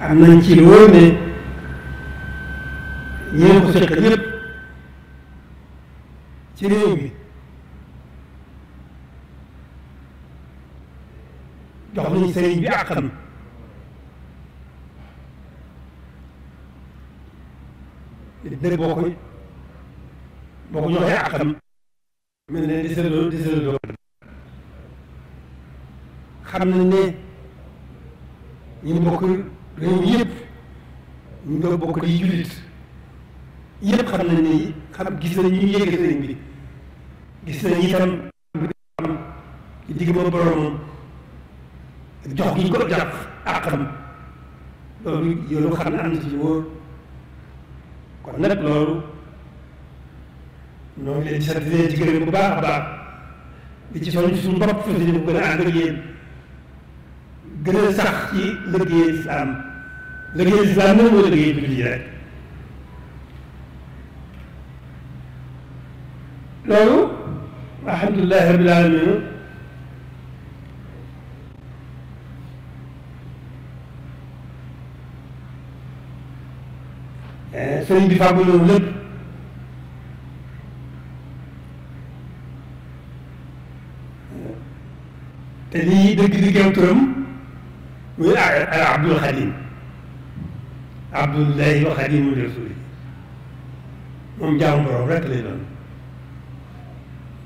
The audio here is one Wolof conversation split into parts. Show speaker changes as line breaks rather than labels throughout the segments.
am nañ ci wóor ne ñeen ko seqal ñëpp ci réew jox nañ sëriñ bi àqam dëgg boo ko boo ko joxee àqam
mel ne di sëloo di sëloo
xam ne ñu bokk réew yëpp ñu nga bokk di jullit yëpp xam nañ ne gis nañ ñu yëge sëriñ gis nañ itam am ci digg ba boromam ko jàpp àqam loolu yoolu xam ne am na ci wóor kon nag loolu ñoo ngi leen di sant leen ci gërëm bu baax a baax di ci soññ suñu bopp fas yéene bu gën a ànd ak yéen gën liggéey lislaam nag moo liggéey jullit yi rek loolu alhamdulilahi rabil alamina eh, sëriñ bi fàggu loolu lépp eh, te lii dëgg di géew turam muy Abdul Xadim abdullahi wa xadimu rasuli moom jaamu borom rek doon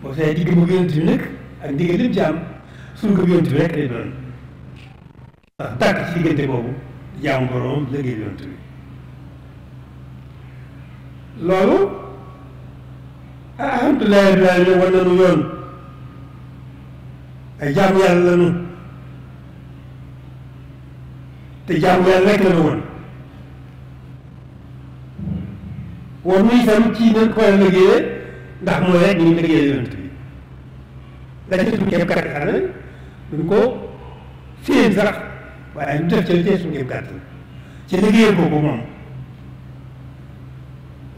boo see digg bu yonent bi nag ak ndigal lépp jaam surga bu yonent bi rek lay doon ndax dàkk ci boobu jaamu borom liggéey yonent bi loolu alhamdulilahi rabbil alamin yoon ay jaamu yàlla lañu te jaamu yàlla rek lañu war nu itam ci nañ ko war a liggéeyee ndax mooy rek ñu ngi liggéeyee yonent bi dañu suñu kéem kattan la ko féem sax waaye ñu def ci suñu kéem kattan ci liggéeyal ko moom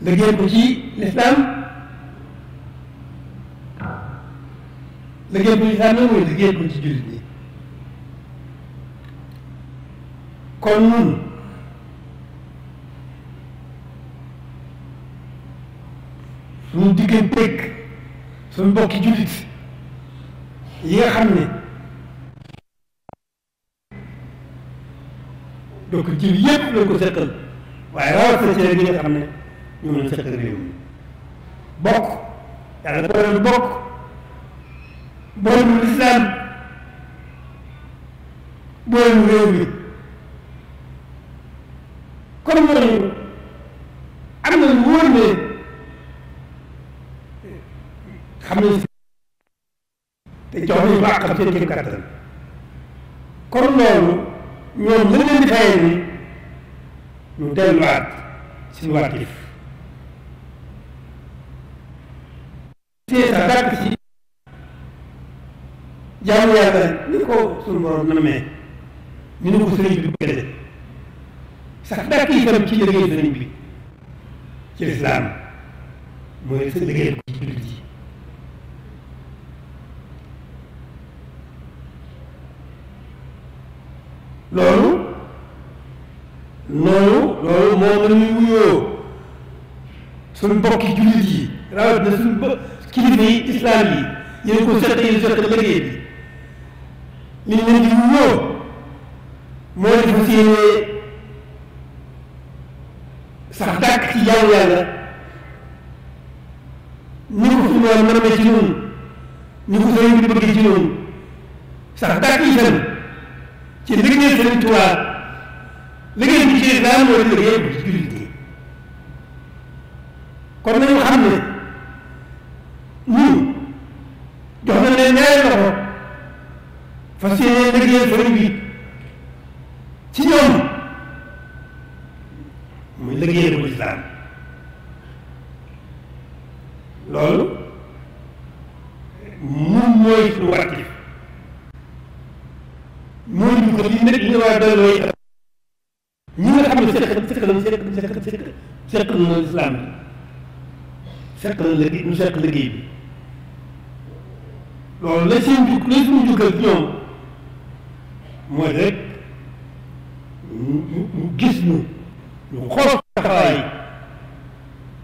liggéeyal ko ci lislaam liggéeyal ko ci lislaam nag mooy ko ci jullit ñi kon nun suñu digganteeg suñu mbokki jullit yi nga xam ne donc jël yépp lañ ko seqal waaye rawatina ci rek ñi nga xam ne ñoom lañ seqal réew mi bokk yàlla booleel bokk booleel lislaam booleel réew mi comme te jox nañu ko àqam seen kéem kon loolu ñoom la leen di fayee ni ñu delluwaat suñu wàttif sa dàkk ci jaamu yàlla ni ko suñu borom namee ñu ne ko sëriñ bi bëggale sax dàkk itam ci liggéey sëriñ bi ci lislaam mooy sa liggéeyal ko loolu loolu loolu moom la ñuy bokki jullit yi rawat na suñ bo kilifa yi islaam yi yéen ko seq yéen seq liggéey bi liñ leen di wuyoo mooy dafa séenee sax dàkk ci jaamu yàlla ni ko suñu war namee ci noonu ni ko sëriñ sax dàkk itam ci liggéey Sëriñ Tuubaa liggéey bi ci islam mooy liggéey bi ci jullit yi kon nañu xam ne ñun jox na leen ñaari loxo fas yéene liggéey Sëriñ bi ci ñoom muy liggéey bu islam loolu moom mooy suñu wàcc li ñu war a doyloo itam ñi nga xam ne sekk sekk nañu sekk sekk sekk sekk nañu lislaam bi sekk nañu liggéey ñu sekk liggéey bi loolu la seen jug la suñu jukkal ci ñoom mooy rek ñu gis ñu ñu xool taxawaay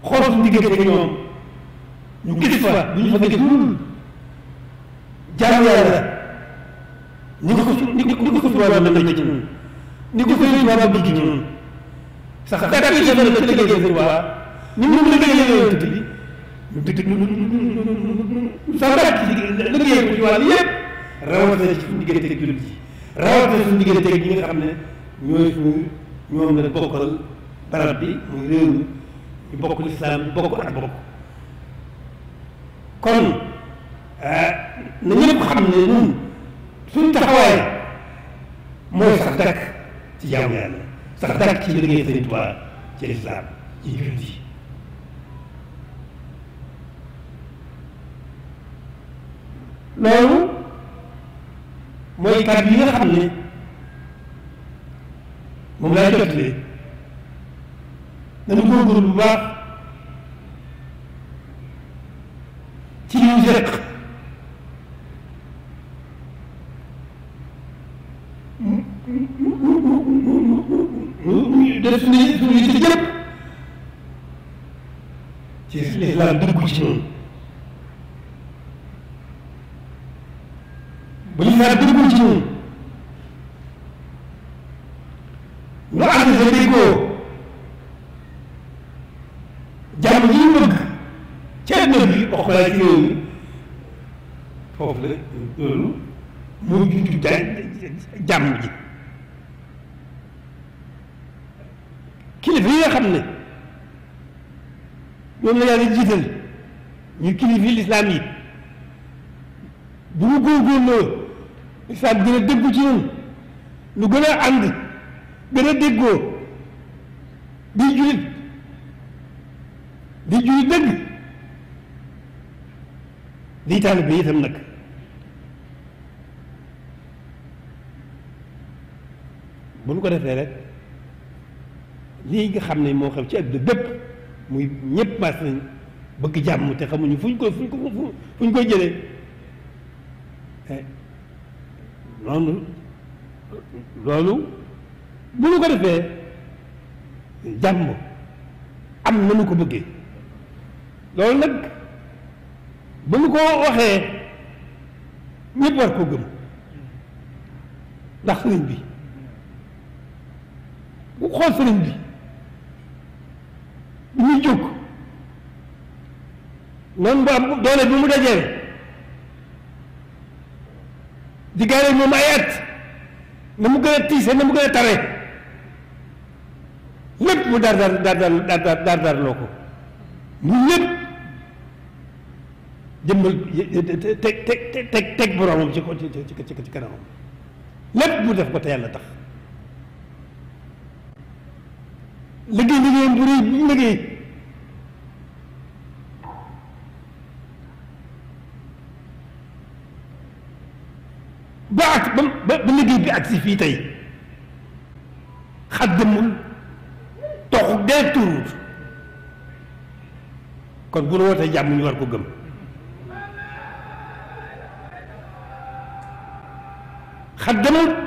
xool suñu diggante ak ñoom ñu gis fa bu ñu fa gis lu dul jaamu yàlla ni ko su ni ko ni ko suba na ci ñun ni ko sëriñ Tuubaa bëgg ci ñun sax dara ci la ci liggéey sëriñ Tuubaa ni mu liggéey yonent bi sax dara ci liggéey ko ci wàll yëpp rawatina ci suñu diggante ak jullit yi rawatina suñu diggante ak ñi nga xam ne ñooy suñu ñoom la bokkal barab bi muy réew mi ñu bokk lislaam ñu bokk ak bokk kon ah, na ñëpp xam ne ñun suñ taxawaay mooy sax dakk ci jaamu yàlla sax dakk ci liggéey Sëriñ Tuubaa ci lislaam ci jullit yi loolu mooy kàddu yi nga xam ne moom laa jottalee nañu góorgóorlu bu baax ci ñu jëkk def suñu suñu yitte yëpp ci lislaam dëggu ci ñun bu lislaam dëggu ci ñun ñu ànd sa déggoo jàmm yi ñu bëgg ci bi wax laa ci réew mi foofu la loolu ji kilifa yi xam ne ñoom la yàlla jiital ñu kilifa yi lislaam yi bu ñu góorgóorloo lislaam gën a déggu ci ñun lu gën a ànd gën a déggoo di julit di julit dëgg di taalibe bi itam nag ko defee rek lii nga xam ne moo xam ci àdduna bépp muy ñëpp mas nañ bëgg jàmm te xamuñu fu ñu ko fu ñu ko fu ñu noonu loolu bu ñu ko defee jàmm am na nu ko bëggee loolu nag bu ñu ko waxee ñëpp war ko gëm ndax sëriñ bi bu xool sëriñ bi ñu jóg noonu bu am doole bi mu dajee di gaare moom ay at na mu gën a tiise na mu gën a tare lépp mu dar dar dar dar dar dar dar loo ko ñun ñëpp te teg teg teg teg boromam ci ko ci ci kanamam lépp mu def ko te yàlla tax liggéey liggéeyam bu rëy bi mu liggéey bi ak si fii tey xaddamul toxu dee turuut kon bu nu wootee jàmm ñu war ko gëm xaddamul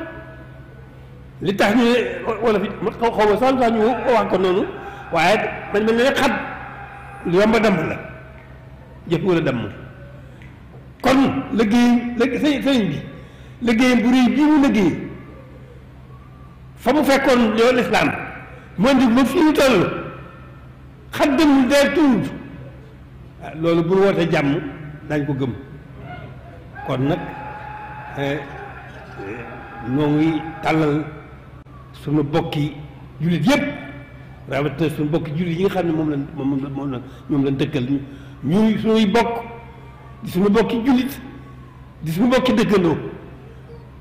li tax ñu ne fi xaw xaw sax ñu wax ko noonu waaye dañ mel ne xat lu yomb la jëf wala damm kon liggéey sëriñ sëriñ bu réy bii mu liggéey fa mu fekkoon yow lislaam moo ndig ma fii ñu toll xat dem dee tuut ah, loolu bu wootee jàmm dañ ko gëm kon nag eh, eh, noo ngi tàllal sunu bokki jullit yépp rawatina sunu bokki jullit yi nga xam ne moom lañ moom moom la ñoom lañ dëkkal ñuy sunuy bokk di sunu bokki jullit di sunu bokki dëkkandoo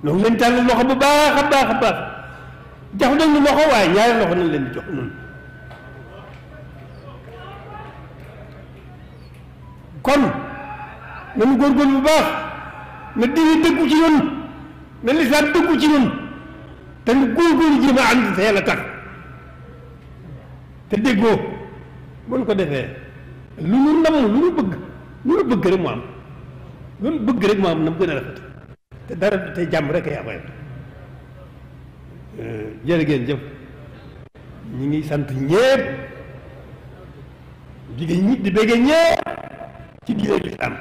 noonu lañ tànn loxo ba baax a baax a baax jox nañ ñu loxo waaye ñaari loxo na leen di jox noonu kon góor góorgóorlu bu baax na diine dëggu ci ñun na lislaam dëggu ci ñun te lu góorgóorlu jéem a ànd te yàlla tax te déggoo mën ko defee lu nu namm lu nu bëgg lu nu bëgg rek mu am bëgg rek mu na mu gën a rafet te dara te jàmm rek ay amee jërë ngeen jëf ñi ngi sant ñépp jigéen ñi di béggee ñépp ci diine lislaam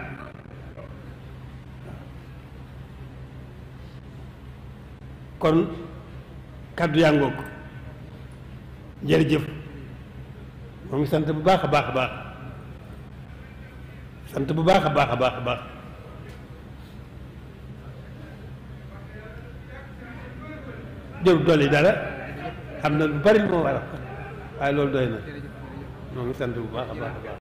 kon kàddu yaa ngoog jërëjëf moo ngi sant bu baax a baax a baax sant bu baax a baax a baax a baax jëw dolli dara am na lu bari lu ma war a waaye loolu doy na moo ngi sant bu baax baax baax